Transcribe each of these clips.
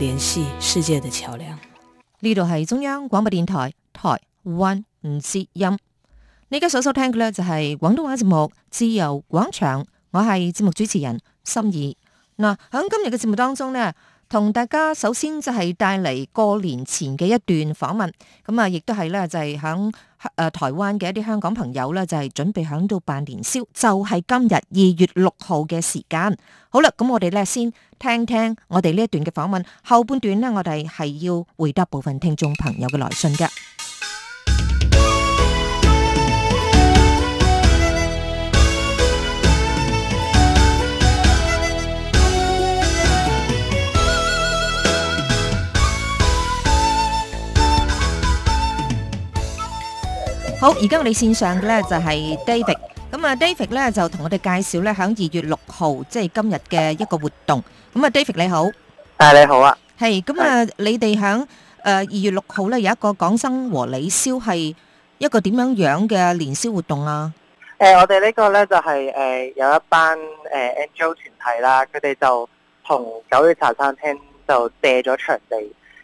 聯繫世界的橋樑。呢度係中央廣播電台台灣之音」。你而家所收聽嘅呢，就係廣東話節目《自由廣場》，我係節目主持人心怡。嗱，喺今日嘅節目當中呢，同大家首先就係帶嚟過年前嘅一段訪問，咁啊，亦都係咧就係響。誒台灣嘅一啲香港朋友咧，就係準備響度辦年宵，就係今日二月六號嘅時間。好啦，咁我哋咧先聽聽我哋呢一段嘅訪問，後半段呢，我哋係要回答部分聽眾朋友嘅來信嘅。好，而家我哋線上嘅咧就係 David，咁啊、嗯、David 咧就同我哋介紹咧喺二月六號，即、就、係、是、今日嘅一個活動。咁啊，David 你好，誒、啊、你好啊，係，咁啊是你哋響誒二月六號咧有一個港生和你宵係一個點樣樣嘅年宵活動啊？誒、呃，我哋呢個咧就係、是、誒有一班誒 Angel 團體啦，佢哋就同九月茶餐廳就借咗場地，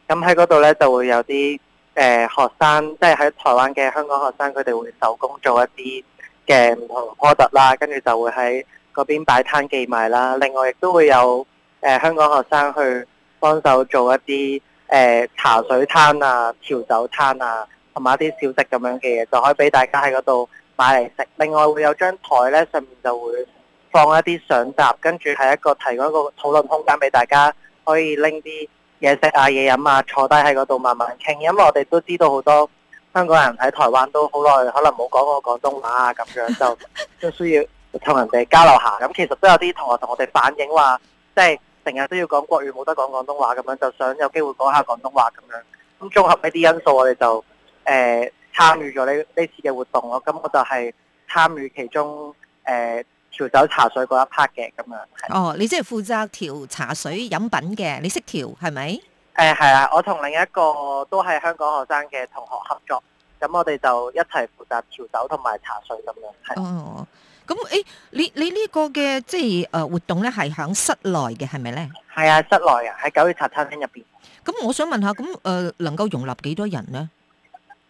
咁喺嗰度咧就會有啲。誒學生即係喺台灣嘅香港學生，佢哋會手工做一啲嘅唔同 product 啦，跟住就會喺嗰邊擺攤寄賣啦。另外亦都會有誒香港學生去幫手做一啲誒、呃、茶水攤啊、調酒攤啊，同埋一啲小食咁樣嘅嘢，就可以俾大家喺嗰度買嚟食。另外會有張台咧，上面就會放一啲相集，跟住係一個提供一個討論空間俾大家可以拎啲。嘢食啊，嘢飲啊，坐低喺嗰度慢慢傾。因為我哋都知道好多香港人喺台灣都好耐，可能冇講過廣東話啊，咁樣就需要同人哋交流下。咁其實都有啲同學同我哋反映話，即係成日都要講國語，冇得講廣東話咁樣，就想有機會講下廣東話咁樣。咁綜合呢啲因素，我哋就誒、呃、參與咗呢呢次嘅活動咯。咁我就係參與其中誒。呃調酒茶水嗰一 part 嘅，咁樣，哦，你即係負責調茶水飲品嘅，你識調係咪？誒，係啊、呃，我同另一個都係香港學生嘅同學合作，咁我哋就一齊負責調酒同埋茶水咁樣、哦。哦、咁、嗯、誒、欸，你你呢個嘅即係誒活動咧，係喺室內嘅係咪咧？係啊，室內啊，喺九月茶餐廳入邊。咁我想問下，咁誒、呃、能夠容納幾多人呢？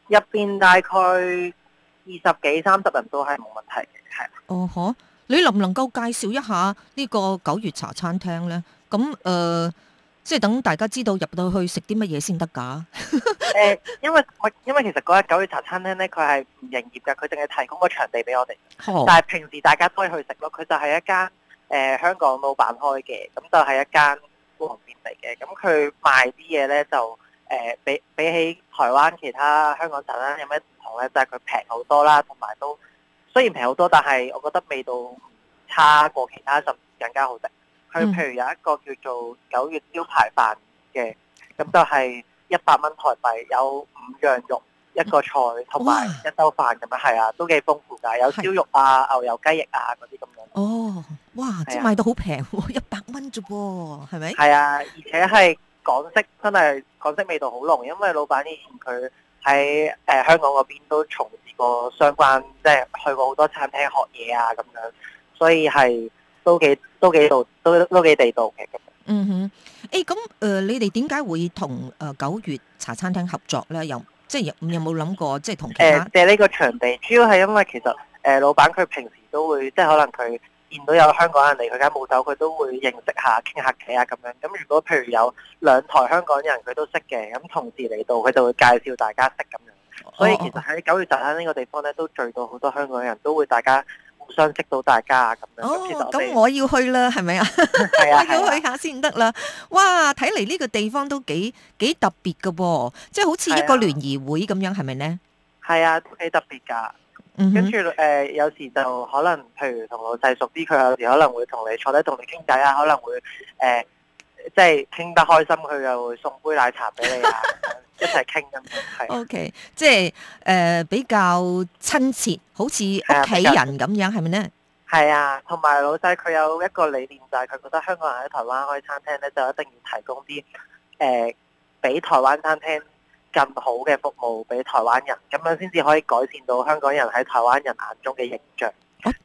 入邊大概二十幾三十人都係冇問題嘅，係。哦，嗬。你能唔能夠介紹一下呢個九月茶餐廳呢？咁誒、呃，即係等大家知道入到去食啲乜嘢先得㗎？因為我因為其實嗰日九月茶餐廳呢，佢係唔營業嘅，佢淨係提供個場地俾我哋。哦、但係平時大家都可以去食咯。佢就係一間誒、呃、香港老闆開嘅，咁就係一間江湖店嚟嘅。咁佢賣啲嘢呢，就誒、呃、比比起台灣其他香港茶餐廳有咩唔同呢？就係佢平好多啦，同埋都。雖然平好多，但係我覺得味道差過其他，甚至更加好食。佢譬如有一個叫做九月招牌飯嘅，咁就係一百蚊台幣，有五樣肉一個菜同埋一兜飯咁樣，係啊、哦，都幾豐富㗎。有燒肉啊、的牛油雞翼啊嗰啲咁樣。哦，哇！即係賣到好平，一百蚊啫噃，係咪？ 係啊，而且係港式，真係港式味道好濃，因為老闆以前佢。喺誒香港嗰邊都從事過相關，即係去過好多餐廳學嘢啊咁樣，所以係都幾都幾度都都幾地道嘅。嗯哼，誒咁誒你哋點解會同誒九月茶餐廳合作咧？又即係有有冇諗過即係同誒借呢個場地？主要係因為其實誒老闆佢平時都會即係可能佢。見到有香港人嚟佢間冇走，佢都會認識下、傾下偈啊咁樣。咁如果譬如有兩台香港人佢都識嘅，咁同時嚟到佢就會介紹大家識咁樣。所以其實喺九月十號呢個地方咧，都聚到好多香港人都會大家互相識到大家啊咁樣。哦，咁我要去啦，係咪 啊？我、啊、 要去下先得啦。哇，睇嚟呢個地方都幾幾特別嘅喎，即係好似一個聯誼會咁樣，係咪呢？係啊，都幾吧、啊、特別㗎。嗯、跟住誒、呃，有時就可能，譬如同老細熟啲，佢有時可能會同你坐低同你傾偈啊，可能會誒、呃，即係傾得開心，佢又會送杯奶茶俾你啊， 一齊傾咁。係。O、okay, K，即係誒、呃、比較親切，好似屋企人咁、啊、樣，係咪呢？係啊，同埋老細佢有一個理念，就係、是、佢覺得香港人喺台灣開餐廳咧，就一定要提供啲誒俾台灣餐廳。更好嘅服務俾台灣人，咁樣先至可以改善到香港人喺台灣人眼中嘅形象。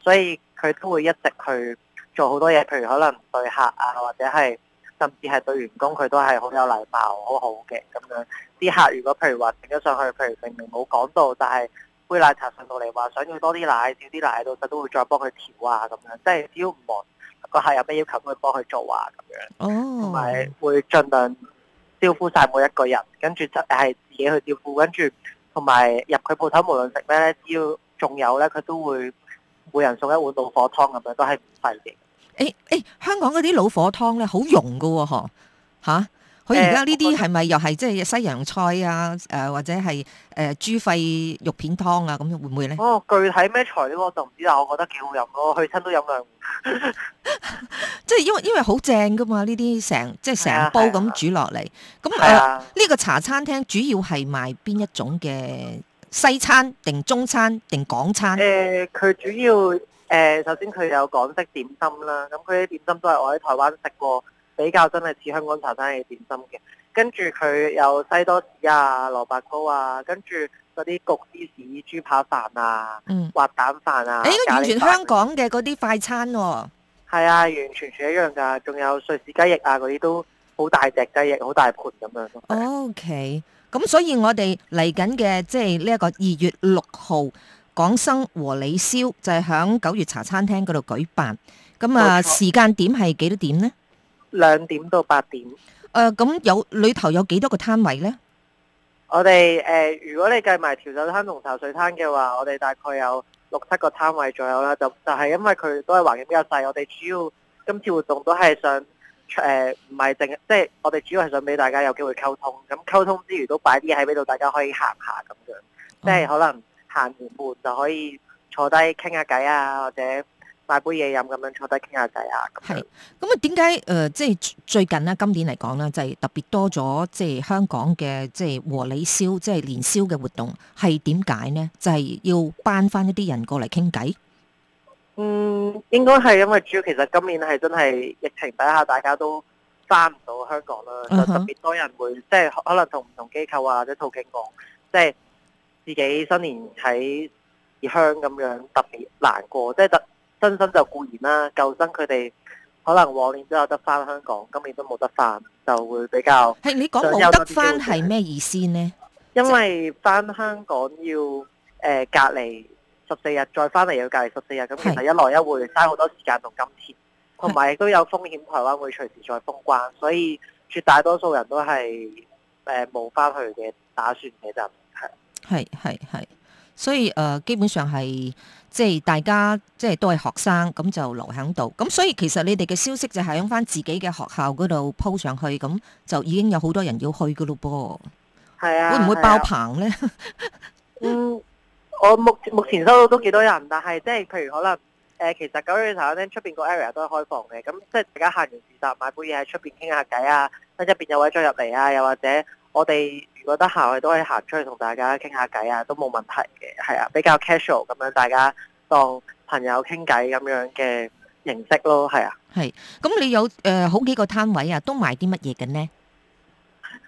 所以佢都會一直去做好多嘢，譬如可能對客啊，或者係甚至係對員工，佢都係好有禮貌、好好嘅咁樣。啲客如果譬如話整咗上去，譬如明明冇講到，但係杯奶茶上到嚟話想要多啲奶、少啲奶，到時都會再幫佢調啊咁樣。即係只要唔忙，個客有咩要求，佢幫佢做啊咁樣。哦，同埋會盡量，招呼晒每一個人，跟住就係自己去招呼，跟住同埋入佢鋪頭，無論食咩，只要仲有咧，佢都會每人送一碗老火湯咁樣，都係唔費勁。誒誒、欸欸，香港嗰啲老火湯咧、哦，好濃噶，嗬吓。佢而家呢啲係咪又係即係西洋菜啊？誒、呃、或者係誒、呃、豬肺肉片湯啊？咁會唔會咧？哦，具體咩材料我就唔知啦。我覺得幾好飲囉，我去親都飲兩碗。即 係 因為因為好正噶嘛，呢啲成即係成煲咁煮落嚟。咁誒，呢個茶餐廳主要係賣邊一種嘅西餐、定中餐、定港餐？誒、呃，佢主要誒、呃，首先佢有港式點心啦。咁佢啲點心都係我喺台灣食過，比較真係似香港茶餐廳點心嘅，跟住佢有西多士啊、蘿蔔糕啊，跟住嗰啲焗芝士豬扒飯啊、嗯、滑蛋飯啊，誒、欸，喱完全香港嘅嗰啲快餐啊。係啊，完全全一樣噶，仲有瑞士雞翼啊，嗰啲都好大隻雞翼，好大盤咁樣。OK，咁所以我哋嚟緊嘅即係呢一個二月六號港生和你宵就係響九月茶餐廳嗰度舉辦，咁啊錯時間點係幾多點呢？兩點到八點。誒、呃，咁有裏頭有幾多個攤位呢？我哋誒、呃，如果你計埋調酒攤同茶水攤嘅話，我哋大概有六七個攤位左右啦。就就係、是、因為佢都係環境比較細，我哋主要今次活動都係想誒，唔係淨即係我哋主要係想俾大家有機會溝通。咁溝通之餘都擺啲喺呢度，大家可以行下咁樣，嗯、即係可能行完半就可以坐低傾下偈啊，或者。大杯嘢飲，咁樣坐低傾下偈啊！係咁啊？點解誒？即係、呃就是、最近咧，今年嚟講咧，就係、是、特別多咗，即、就、係、是、香港嘅即係和你宵，即係年宵嘅活動係點解呢？就係、是、要搬翻一啲人過嚟傾偈。嗯，應該係因為主要，其實今年係真係疫情底下，大家都翻唔到香港啦，就、uh huh. 特別多人會即係、就是、可能同唔同機構啊，或者途徑講，即、就、係、是、自己新年喺異鄉咁樣特別難過，即、就、係、是、特。新生就固然啦、啊，舊生佢哋可能往年都有得翻香港，今年都冇得翻，就會比較係你講冇得翻係咩意思呢？因為翻香港要誒、呃、隔離十四日，再翻嚟要隔離十四日，咁其實一來一回嘥好多時間同金錢，同埋亦都有風險，台灣會隨時再封關，所以絕大多數人都係誒冇翻去嘅打算嘅就。係係係所以誒、呃，基本上係即係大家即係都係學生，咁就留喺度。咁所以其實你哋嘅消息就係喺翻自己嘅學校嗰度 po 上去，咁就已經有好多人要去嘅咯噃。係啊，會唔會爆棚咧？啊、 嗯，我目目前收到都幾多人，但係即係譬如可能誒、呃，其實九月頭嗰出邊個 area 都係開放嘅，咁即係大家行完住宅買杯嘢喺出邊傾下偈啊，等入邊有位再入嚟啊，又或者我哋。如果得閒我都可以行出去同大家傾下偈啊，都冇問題嘅。係啊，比較 casual 咁樣，大家當朋友傾偈咁樣嘅形式咯。係啊，係。咁你有誒、呃、好幾個攤位啊，都賣啲乜嘢嘅呢？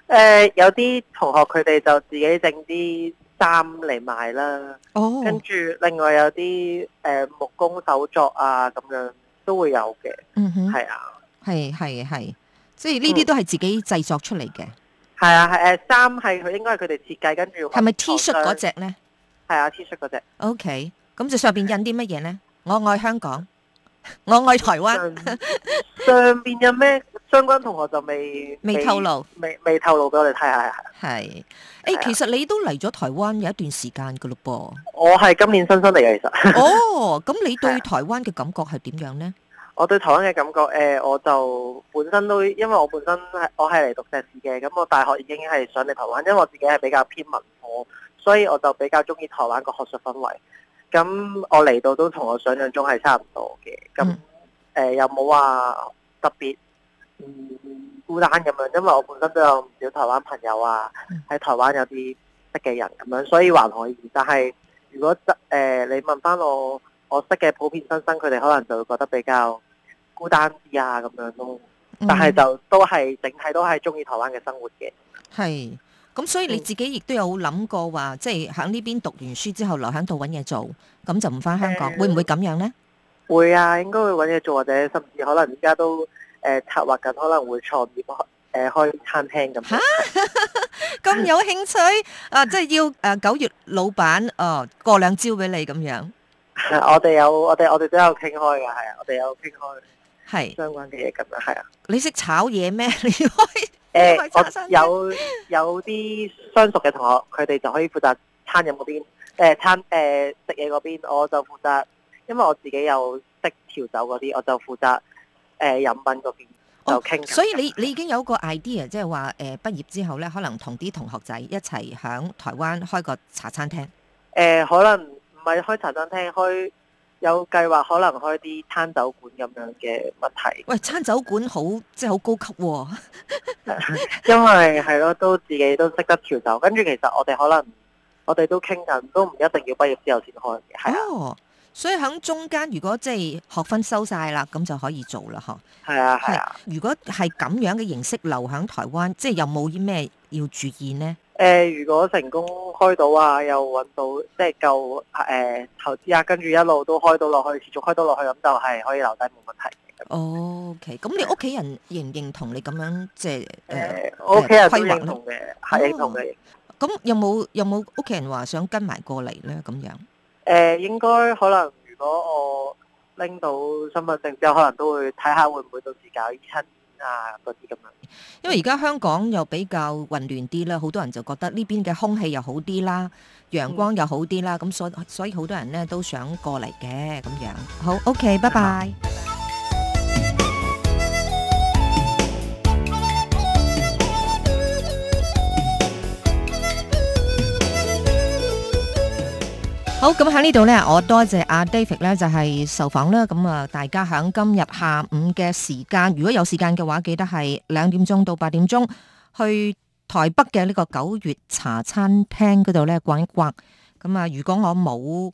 誒、呃，有啲同學佢哋就自己整啲衫嚟賣啦。哦，跟住另外有啲誒、呃、木工手作啊，咁樣都會有嘅。嗯哼，係啊，係係係，所以呢啲都係自己製作出嚟嘅。嗯係啊，係誒、啊，衫係佢應該係佢哋設計，跟住係咪 T 恤嗰隻咧？係啊，T 恤嗰隻。O K，咁就上邊印啲乜嘢咧？我愛香港，我愛台灣。 上邊有咩相關同學就未未透露，未未透露俾我哋睇下。係、啊，誒，欸啊、其實你都嚟咗台灣有一段時間噶咯噃。我係今年新生嚟嘅，其實。 哦，咁你對台灣嘅感覺係點樣咧？我對台灣嘅感覺，誒、呃，我就本身都，因為我本身係我係嚟讀碩士嘅，咁我大學已經係上嚟台灣，因為我自己係比較偏文科，所以我就比較中意台灣個學術氛圍。咁我嚟到都同我想象中係差唔多嘅，咁誒、呃、又冇話特別唔、嗯、孤單咁樣，因為我本身都有唔少台灣朋友啊，喺台灣有啲識嘅人咁樣，所以還可以。但係如果即誒、呃，你問翻我。我識嘅普遍新生，佢哋可能就會覺得比較孤單啲啊，咁樣咯。但係就都係整體都係鍾意台灣嘅生活嘅。係，咁、嗯、所以你自己亦都有諗過話，即係喺呢邊讀完書之後留喺度揾嘢做，咁就唔返香港，呃、會唔會咁樣呢？會啊，應該會揾嘢做，或者甚至可能而家都、呃、策劃緊，可能會創業誒開餐廳咁。咁、啊、 有興趣 啊？即、就、係、是、要誒九月老闆誒過兩招俾你咁樣。 我哋有我哋我哋都有傾開噶，係啊，我哋有傾開係相關嘅嘢咁樣，係啊。你識炒嘢咩？你開誒， 呃、 我有有啲相熟嘅同學，佢哋就可以負責餐飲嗰邊，誒、呃、餐誒食嘢嗰邊，我就負責，因為我自己有識調酒嗰啲，我就負責誒飲、呃、品嗰邊就傾、哦。所以你你已經有個 idea，即係話誒畢業之後咧，可能同啲同學仔一齊響台灣開個茶餐廳。誒、呃，可能。唔係開茶餐廳，開有計劃可能開啲餐酒館咁樣嘅問題。喂，餐酒館好即係好高級喎、啊， 因為係咯，都自己都識得調酒，跟住其實我哋可能我哋都傾緊，都唔一定要畢業之後先開嘅。係啊，oh, 所以喺中間如果即係學分收晒啦，咁就可以做啦，嗬的。係啊係啊。如果係咁樣嘅形式留喺台灣，即係有冇啲咩要注意呢？誒，如果成功開到啊，又搵到即係夠誒投資額，跟住一路都開到落去，持續開到落去，咁就係可以留低冇問題。哦，OK，咁、嗯、你屋企人認唔認同你咁樣即係誒屋企人？係認同嘅。咁有冇有冇屋企人話想跟埋過嚟咧？咁樣誒、呃，應該可能如果我拎到身份證之後，可能都會睇下會唔會到時搞依親。啊，因為而家香港又比較混亂啲啦，好多人就覺得呢邊嘅空氣又好啲啦，陽光又好啲啦，咁所、嗯、所以好多人呢都想過嚟嘅咁樣。好，OK，bye bye 拜拜。好，咁喺呢度呢，我多謝阿 David 呢就係受訪啦。咁啊，大家喺今日下午嘅時間，如果有時間嘅話，記得係兩點鐘到八點鐘去台北嘅呢個九月茶餐廳嗰度呢逛一逛。咁啊，如果我冇，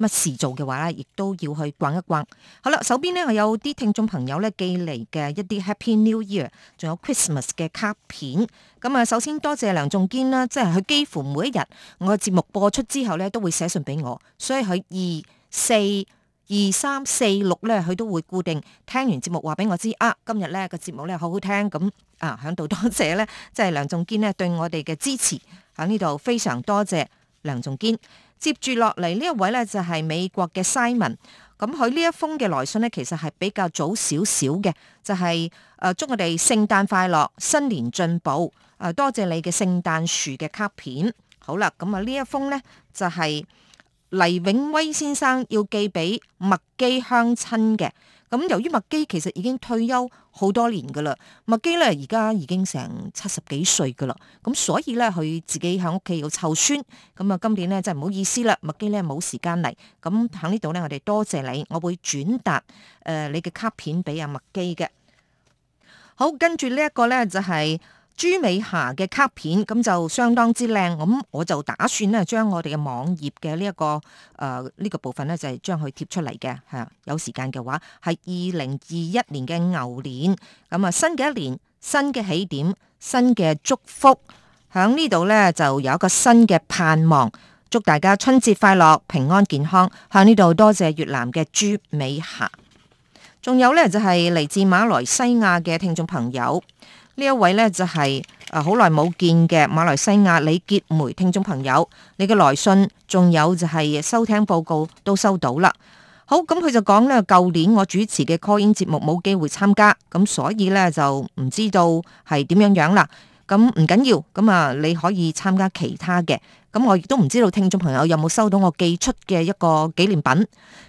乜事做嘅話咧，亦都要去逛一逛。好啦，手邊咧我有啲聽眾朋友咧寄嚟嘅一啲 Happy New Year，仲有 Christmas 嘅卡片。咁啊，首先多謝梁仲堅啦，即係佢幾乎每一日我嘅節目播出之後咧，都會寫信俾我。所以佢二四二三四六咧，佢都會固定聽完節目話俾我知。啊，今日咧個節目咧好好聽，咁啊，響度多謝咧，即係梁仲堅咧對我哋嘅支持，響呢度非常多謝。梁仲堅，接住落嚟呢一位呢就係、是、美國嘅 Simon，咁佢呢一封嘅來信呢，其實係比較早少少嘅，就係、是、誒祝我哋聖誕快樂，新年進步，誒多謝你嘅聖誕樹嘅卡片。好啦，咁啊呢一封呢，就係、是、黎永威先生要寄俾麥基鄉親嘅。咁由於麥基其實已經退休好多年噶啦，麥基咧而家已經成七十幾歲噶啦，咁所以咧佢自己喺屋企要湊孫，咁啊今年咧真係唔好意思啦，麥基咧冇時間嚟，咁喺呢度咧我哋多謝你，我會轉達誒你嘅卡片俾阿麥基嘅，好，跟住呢一個咧就係。朱美霞嘅卡片，咁就相當之靚，咁我就打算咧將我哋嘅網頁嘅呢一個誒呢、呃這個部分咧就係、是、將佢貼出嚟嘅，吓有時間嘅話係二零二一年嘅牛年，咁、嗯、啊新嘅一年、新嘅起點、新嘅祝福，響呢度咧就有一個新嘅盼望，祝大家春節快樂、平安健康。響呢度多謝越南嘅朱美霞，仲有咧就係、是、嚟自馬來西亞嘅聽眾朋友。呢一位呢，就係誒好耐冇見嘅馬來西亞李杰梅聽眾朋友，你嘅來信仲有就係收聽報告都收到啦。好，咁佢就講呢：「舊年我主持嘅 call in 節目冇機會參加，咁所以呢，就唔知道係點樣樣啦。咁唔緊要，咁啊你可以參加其他嘅。咁我亦都唔知道聽眾朋友有冇收到我寄出嘅一個紀念品。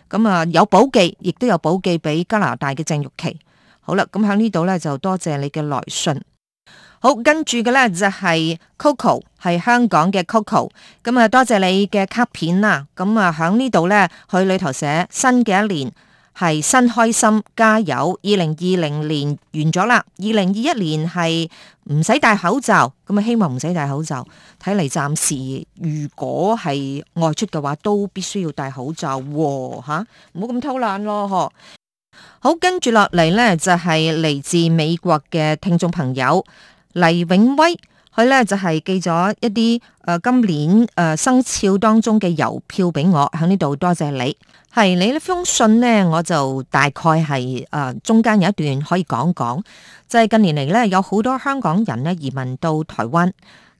咁啊有補寄，亦都有補寄俾加拿大嘅鄭玉琪。好啦，咁喺呢度呢，就多謝你嘅來信。好，跟住嘅呢，就係、是、Coco，係香港嘅 Coco。咁啊，多謝你嘅卡片啦。咁啊，喺呢度呢，去裏頭寫新嘅一年係新開心，加油。二零二零年完咗啦，二零二一年係唔使戴口罩。咁啊，希望唔使戴口罩。睇嚟暫時，如果係外出嘅話，都必須要戴口罩，哦。吓，唔好咁偷懶咯，呵。好，跟住落嚟咧就係、是、嚟自美國嘅聽眾朋友黎永威，佢咧就係、是、寄咗一啲誒、呃、今年誒、呃、生肖當中嘅郵票俾我，喺呢度多謝你。係你呢封信咧，我就大概係誒、呃、中間有一段可以講講，就係、是、近年嚟咧有好多香港人咧移民到台灣，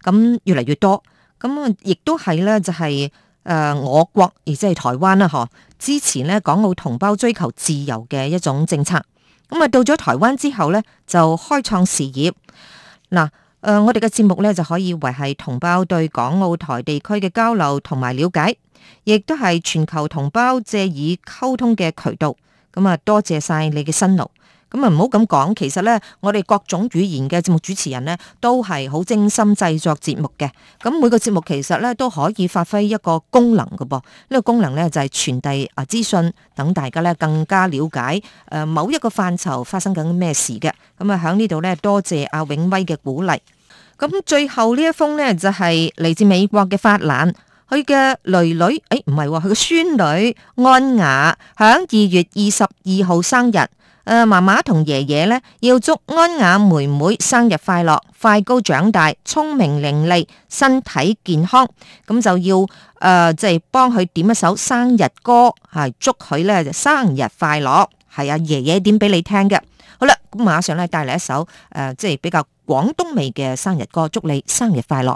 咁越嚟越多，咁亦都係咧就係、是。誒、呃，我國亦即係台灣啦，嗬！支持咧，港澳同胞追求自由嘅一種政策，咁啊，到咗台灣之後咧，就開創事業。嗱、呃，誒、呃，我哋嘅節目咧就可以維繫同胞對港澳台地區嘅交流同埋了解，亦都係全球同胞借以溝通嘅渠道。咁啊，多謝晒你嘅辛勞。咁啊，唔好咁講。其實呢，我哋各種語言嘅節目主持人呢，都係好精心製作節目嘅。咁每個節目其實呢，都可以發揮一個功能嘅噃。呢個功能呢，就係傳遞啊資訊，等大家呢更加了解誒某一個範疇發生緊咩事嘅。咁啊，喺呢度呢，多謝阿永威嘅鼓勵。咁最後呢一封呢，就係嚟自美國嘅法蘭，佢嘅女女，誒唔係佢嘅孫女安雅，喺二月二十二號生日。誒、啊，媽媽同爺爺咧要祝安雅妹妹生日快樂，快高長大，聰明伶俐，身體健康。咁就要誒，即、呃、係、就是、幫佢點一首生日歌，係祝佢咧生日快樂。係啊，爺爺點俾你聽嘅。好啦，咁馬上咧帶嚟一首誒、呃，即係比較廣東味嘅生日歌，祝你生日快樂。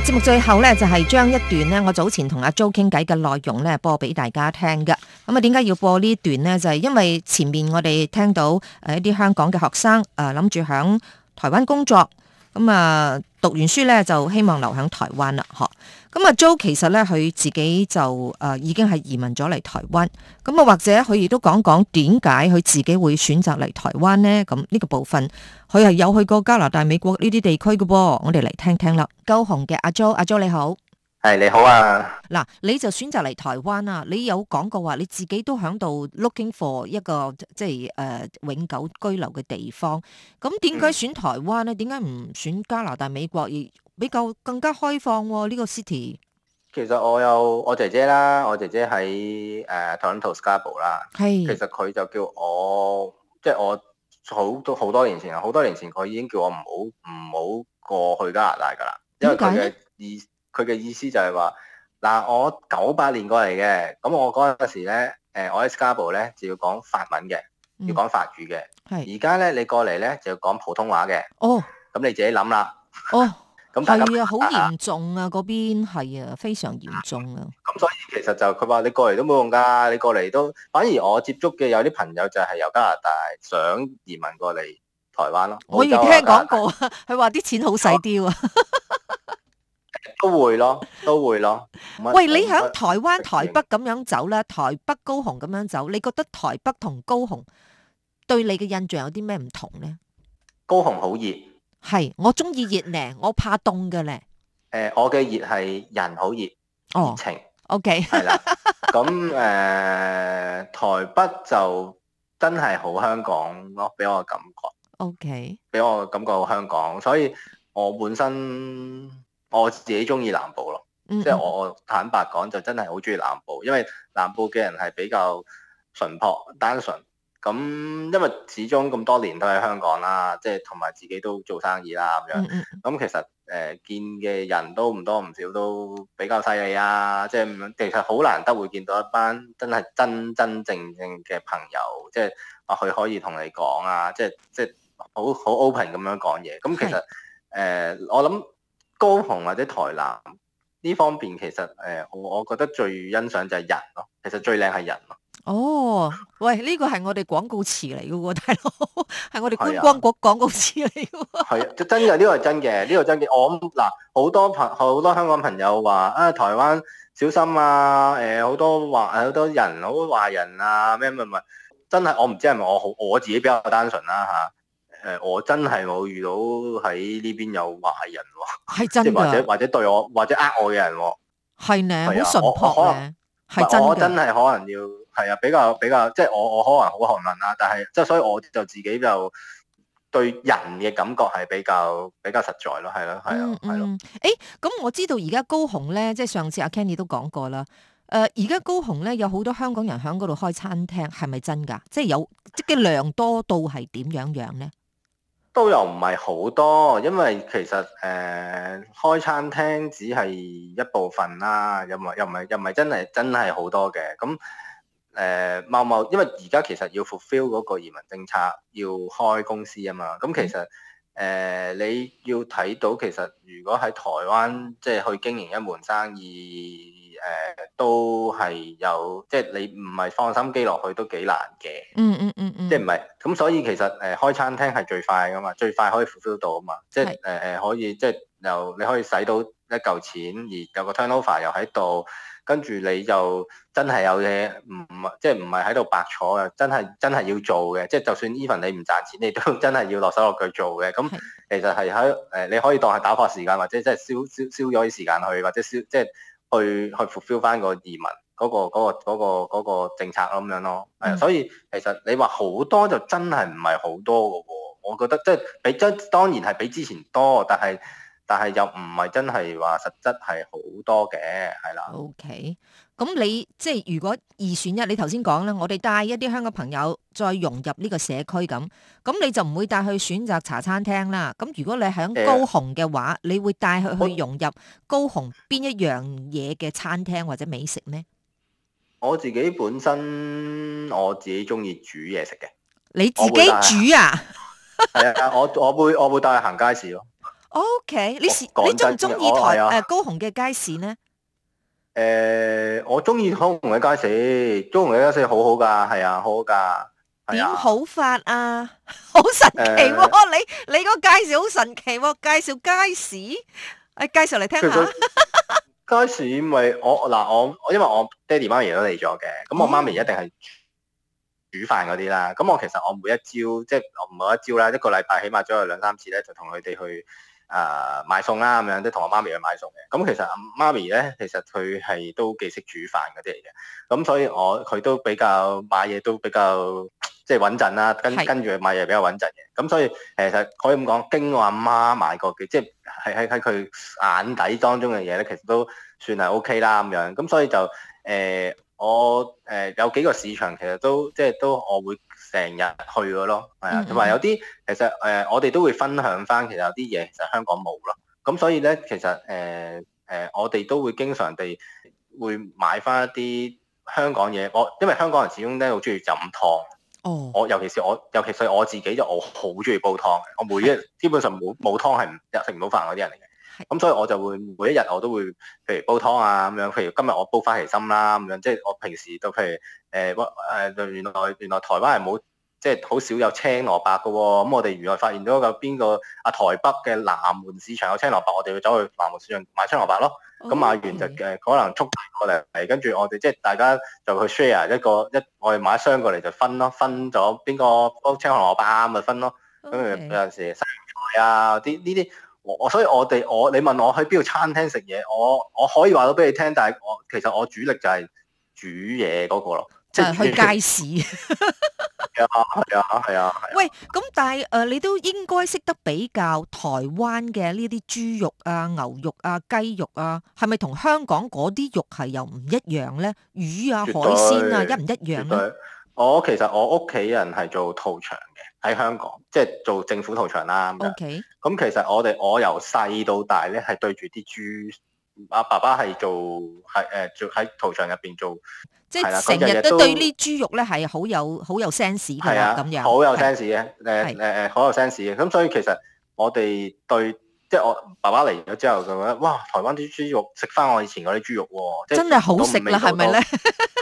節目最後呢，就係將一段咧我早前同阿 Jo 傾偈嘅內容咧播俾大家聽嘅。咁啊，點解要播呢段呢？就係因為前面我哋聽到誒一啲香港嘅學生誒諗住響台灣工作。咁啊、嗯，讀完書咧就希望留喺台灣啦，嗬、嗯。咁阿 Jo 其實咧佢自己就誒、呃、已經係移民咗嚟台灣。咁、嗯、啊，或者佢亦都講講點解佢自己會選擇嚟台灣咧？咁、嗯、呢、這個部分佢係有去過加拿大、美國呢啲地區嘅噃。我哋嚟聽聽啦。高雄嘅阿、啊、Jo，阿、啊、Jo 你好。係你好啊！嗱，你就選擇嚟台灣啊。你有講過話你自己都響度 looking for 一個即係誒、呃、永久居留嘅地方。咁點解選台灣咧？點解唔選加拿大、美國而比較更加開放呢、啊，這個 city？其實我有我姐姐啦，我姐姐喺誒 Toronto Scarborough 啦。係是其實佢就叫我即係、就是、我好多好多年前，好多年前佢已經叫我唔好唔好過去加拿大噶啦，因為佢嘅二。佢嘅意思就係話：嗱，我九八年過嚟嘅，咁我嗰陣時咧，誒，我喺 Scarborough 咧就要講法文嘅，要講法語嘅。係、嗯。而家咧，你過嚟咧就要講普通話嘅。哦。咁、嗯、你自己諗啦。哦、 嗯。咁係啊， 嗯、是好嚴重啊，嗰邊係啊，非常嚴重啊。咁所以其實就佢話你過嚟都冇用㗎，你過嚟都反而我接觸嘅有啲朋友就係由加拿大想移民過嚟台灣咯。我而聽講過佢話啲錢好使啲喎。 都會咯，都會咯。喂，你響台灣台北咁樣走啦，台北高雄咁樣走，你覺得台北同高雄對你嘅印象有啲咩唔同呢？高雄好熱，係我中意熱呢，我怕凍㗎呢。誒，我嘅熱係人好熱，熱情。O K，係啦。咁誒，台北就真係好香港咯，俾我嘅感覺。O K，俾我感覺好香港，所以我本身。我自己中意南部咯，mm hmm. 即係我坦白講，就真係好中意南部，因為南部嘅人係比較淳樸、單純。咁因為始終咁多年都喺香港啦，即係同埋自己都做生意啦咁樣。咁、mm hmm. 嗯、其實誒、呃、見嘅人都唔多唔少，都比較犀利啊！即係其實好難得會見到一班真係真真正正嘅朋友，即係啊佢可以同你講啊，即係即係好好 open 咁樣講嘢。咁、嗯、其實誒是、呃，我諗。高雄或者台南呢方面，其實誒、呃，我我覺得最欣賞就係人咯。其實最靚係人咯。哦，喂，呢、這個係我哋廣告詞嚟嘅喎，大佬係我哋觀光局廣告詞嚟嘅。係啊，真嘅，呢、這個係真嘅，呢、這個真嘅。我諗好、呃、多朋好多香港朋友話啊，台灣小心啊，誒好多話，好多人好多壞人啊，咩咩咩，真係我唔知係咪我好我自己比較單純啦、啊、嚇。啊。誒，我真係冇遇到喺呢邊有壞人喎，係真嘅，或者或者對我或者呃我嘅人喎，係咧呢，好淳樸嘅，係真嘅。我真係可能要係啊，比較比較，即係我我可能好幸運啦，但係即係所以我就自己就對人嘅感覺係比較比較實在咯、啊，係咯、啊，係咯、啊，係咯、啊。誒、嗯，咁、嗯欸、我知道而家高雄咧，即係上次阿 Kenny 都講過啦。誒、呃，而家高雄咧有好多香港人喺嗰度開餐廳，係咪真噶？即係有即係量多到係點樣樣咧？都又唔係好多，因為其實誒、呃、開餐廳只係一部分啦，又唔係又唔係又唔係真係真係好多嘅。咁誒，茂、呃，茂因為而家其實要 fulfill 嗰個移民政策，要開公司啊嘛。咁其實誒、呃、你要睇到，其實如果喺台灣即係、就是、去經營一門生意。誒、呃、都係有，即係你唔係放心機落去都幾難嘅、嗯。嗯嗯嗯嗯，嗯即係唔係咁，所以其實誒開餐廳係最快噶嘛，最快可以 fulfill 到啊嘛，是即係誒誒可以即係又你可以使到一嚿錢，而有個 turnover 又喺度，跟住你就真係有嘢唔、嗯、即係唔係喺度白坐嘅，真係真係要做嘅，即係就算 even 你唔賺錢，你都真係要落手落腳做嘅。咁是、嗯、其實係喺誒你可以當係打發時間，或者即係燒燒燒咗啲時間去，或者燒即係。即去去 fulfill 翻個移民嗰、那個嗰、那個嗰、那個嗰、那個政策咯咁樣咯，係啊、mm hmm.，所以其實你話好多就真係唔係好多個喎，我覺得即、就、係、是、比當，當然係比之前多，但係。但係又唔係真係話實質係好多嘅，係啦。OK，咁你即係如果二選一，你頭先講啦，我哋帶一啲香港朋友再融入呢個社區咁，咁你就唔會帶去選擇茶餐廳啦。咁如果你喺高雄嘅話，的你會帶佢去融入高雄邊一樣嘢嘅餐廳或者美食咧？我自己本身我自己中意煮嘢食嘅。你自己煮啊？係啊， 我我會我會帶佢行街市咯。O、okay, K，你是你中唔中意台誒高雄嘅街市咧？誒、欸，我中意高雄嘅街市，高雄嘅街市好好噶，係啊，好好噶。點好法啊？好啊 神奇喎、哦欸！你你個介紹好神奇喎、哦！介紹街市，誒、欸，介紹嚟聽，聽下。街市咪我嗱我因為我爹哋媽咪都嚟咗嘅，咁我媽咪一定係煮飯嗰啲啦。咁我其實我每一朝即係、就是、我唔係一朝啦，一個禮拜起碼都有兩三次咧，就同佢哋去。誒、呃、買餸啦咁樣，即係同我媽咪去買餸嘅。咁其實阿媽咪咧，其實佢係都幾識煮飯嗰啲嚟嘅。咁所以我佢都比較買嘢都比較即係穩陣啦、啊，跟跟住去買嘢比較穩陣嘅。咁所以其實可以咁講，經我阿媽，媽買過嘅，即係喺喺佢眼底當中嘅嘢咧，其實都算係 OK 啦咁樣。咁所以就誒。呃有幾個市場其實都即係都我會成日去嘅咯，係啊、嗯嗯，同埋有啲其實誒、呃，我哋都會分享翻，其實有啲嘢其實香港冇咯。咁所以咧，其實誒誒、呃呃，我哋都會經常地會買翻一啲香港嘢。我因為香港人始終咧好中意飲湯哦。我尤其是我尤其是我自己就我好中意煲湯嘅。我每一 基本上冇冇湯係唔食唔到飯嗰啲人嚟嘅。咁、嗯、所以我就會每一日我都會，譬如煲湯啊咁樣，譬如今日我煲花旗參啦、啊、咁樣，即係我平時都，譬如誒屈、呃、原來原來台灣係冇，即係好少有青蘿蔔嘅喎、哦，咁、嗯、我哋原來發現咗個邊個啊台北嘅南門市場有青蘿蔔，我哋要走去南門市場買青蘿蔔咯，咁買完就誒可能捉過嚟，跟住我哋即係大家就去 share 一個一，我哋買一箱過嚟就分咯，分咗邊個煲青蘿蔔咪分咯，咁有陣時生菜啊啲呢啲。我所以我哋我你問我去邊度餐廳食嘢，我我可以話到俾你聽，但係我其實我主力就係煮嘢嗰個咯，即係去街市。 啊，係啊，係啊，係啊。喂，咁但係誒，你都應該識得比較台灣嘅呢啲豬肉啊、牛肉啊、雞肉啊，係咪同香港嗰啲肉係又唔一樣咧？魚啊、對海鮮啊，一唔一樣咧？我其實我屋企人係做屠場嘅，喺香港，即係做政府屠場啦。咁，其實我哋我由細到大咧係對住啲豬，阿爸爸係做係誒做喺屠場入邊做，即係成日都對啲豬肉咧係好有好有 sense 啊，咁樣好有 sense 嘅，誒誒誒好有 sense 嘅，咁所以其實我哋對。即係我爸爸嚟咗之後就覺得：「哇！台灣啲豬肉食翻我以前嗰啲豬肉喎、哦，即真係好食啦，係咪咧？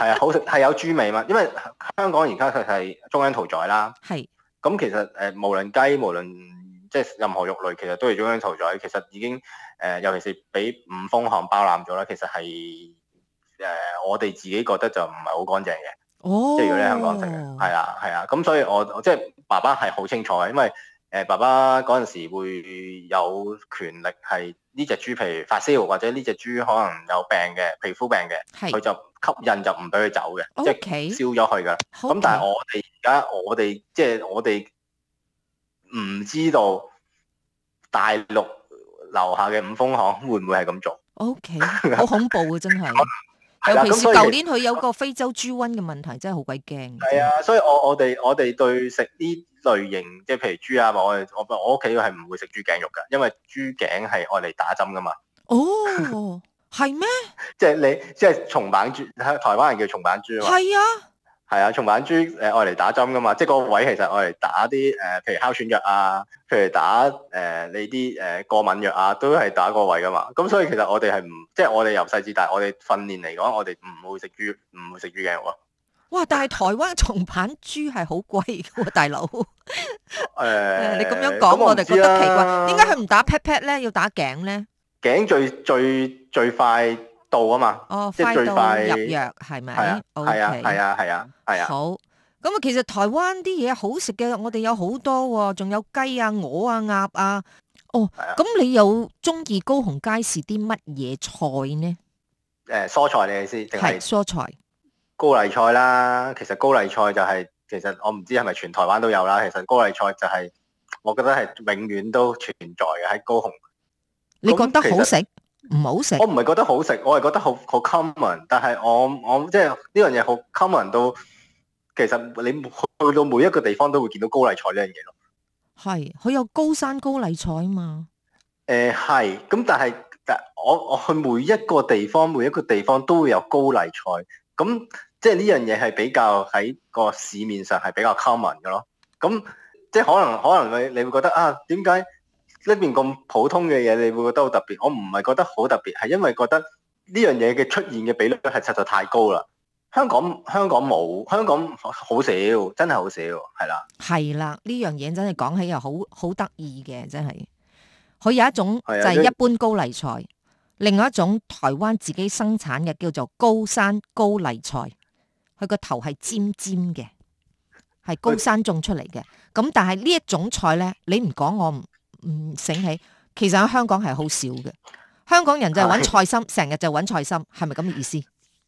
係啊，好食係有豬味嘛，因為香港而家佢係中央屠宰啦。係咁是、嗯，其實誒、呃，無論雞，無論即係任何肉類，其實都係中央屠宰。其實已經誒、呃，尤其是俾五豐行包攬咗啦。其實係誒、呃，我哋自己覺得就唔係好乾淨嘅。哦，即係如果你喺香港食嘅，係啊，係啊。咁所以我即係爸爸係好清楚，因為。誒，爸爸嗰陣時會有權力，係呢隻豬皮發燒，或者呢隻豬可能有病嘅皮膚病嘅，係佢是就吸引就唔俾佢走嘅，即係燒咗佢㗎。咁 Okay. 但係我哋而家我哋即係我哋唔知道大陸樓下嘅五豐行會唔會係咁做？O Okay . K， 好恐怖啊，真係。 尤其是舊年佢有個非洲豬瘟嘅問題， 真係好鬼驚。係啊，所以我我哋我哋對食啲類型即係，譬如豬啊，我我我屋企係唔會食豬頸肉㗎，因為豬頸係愛嚟打針㗎嘛。哦，係咩？ 即係你即係松板豬，台灣人叫松板豬啊。係啊。係啊，松板豬誒，愛嚟打針噶嘛，即係個位其實愛嚟打啲誒、呃，譬如哮喘藥啊，譬如打誒、呃、你啲誒、呃、過敏藥啊，都係打個位噶嘛。咁、嗯、所以其實我哋係唔即係我哋由細至大，我哋訓練嚟講，我哋唔會食豬唔會食豬頸喎。哇！但係台灣松板豬係好貴噶，大佬。誒、 啊， 你咁樣講、嗯、我哋覺得奇怪，點解佢唔打 pet pet 咧？要打頸咧？頸最最最快。到啊嘛，哦、即係最快，哦、快入藥係咪？係啊係啊係啊係啊。好，咁啊，其實台灣啲嘢好食嘅，我哋有好多喎、哦，仲有雞啊、鵝啊、鴨啊。哦，咁、啊、你有中意高雄街市啲乜嘢菜呢？誒、呃，蔬菜你意思，係蔬菜。高麗菜啦，菜其實高麗菜就係、是、其實我唔知係咪全台灣都有啦。其實高麗菜就係、是、我覺得係永遠都存在嘅喺高雄。你覺得好食？唔好食。我唔係覺得好食，我係覺得好好 common。但係我我即係呢樣嘢，好 common 到，其實你去到每一個地方都會見到高麗菜呢樣嘢咯。係，佢有高山高麗菜啊嘛。誒係、呃、咁、嗯、但係但我我去每一個地方，每一個地方都會有高麗菜。咁即係呢樣嘢係比較喺個市面上係比較 common 嘅咯。咁即係可能可能你你會覺得啊，點解？呢邊咁普通嘅嘢，你會覺得好特別。我唔係覺得好特別，係因為覺得呢樣嘢嘅出現嘅比率係實在太高啦。香港香港冇，香港好少，真係好少，係啦。係啦，呢樣嘢真係講起又好好得意嘅，真係。佢有一種就係一般高麗菜，的另外一種台灣自己生產嘅叫做高山高麗菜，佢個頭係尖尖嘅，係高山種出嚟嘅。咁的但係呢一種菜呢，你唔講我唔。嗯，醒起，其實喺香港係好少嘅。香港人就係揾菜心，成日就揾菜心，係咪咁嘅意思？誒、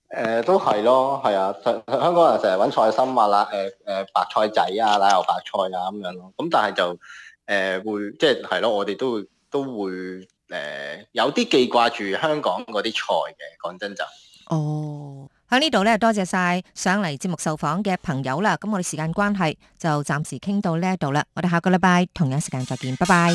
呃，都係咯，係啊，香港人成日揾菜心啊，誒誒、呃、白菜仔啊，奶油白菜啊咁樣咯。咁但係就誒、呃、會，即係係咯，我哋都，都會都會誒有啲記掛住香港嗰啲菜嘅。講真就哦。喺呢度咧，多謝晒上嚟節目受訪嘅朋友啦。咁我哋時間關係，就暫時傾到呢一度啦。我哋下個禮拜同樣時間再見，拜拜。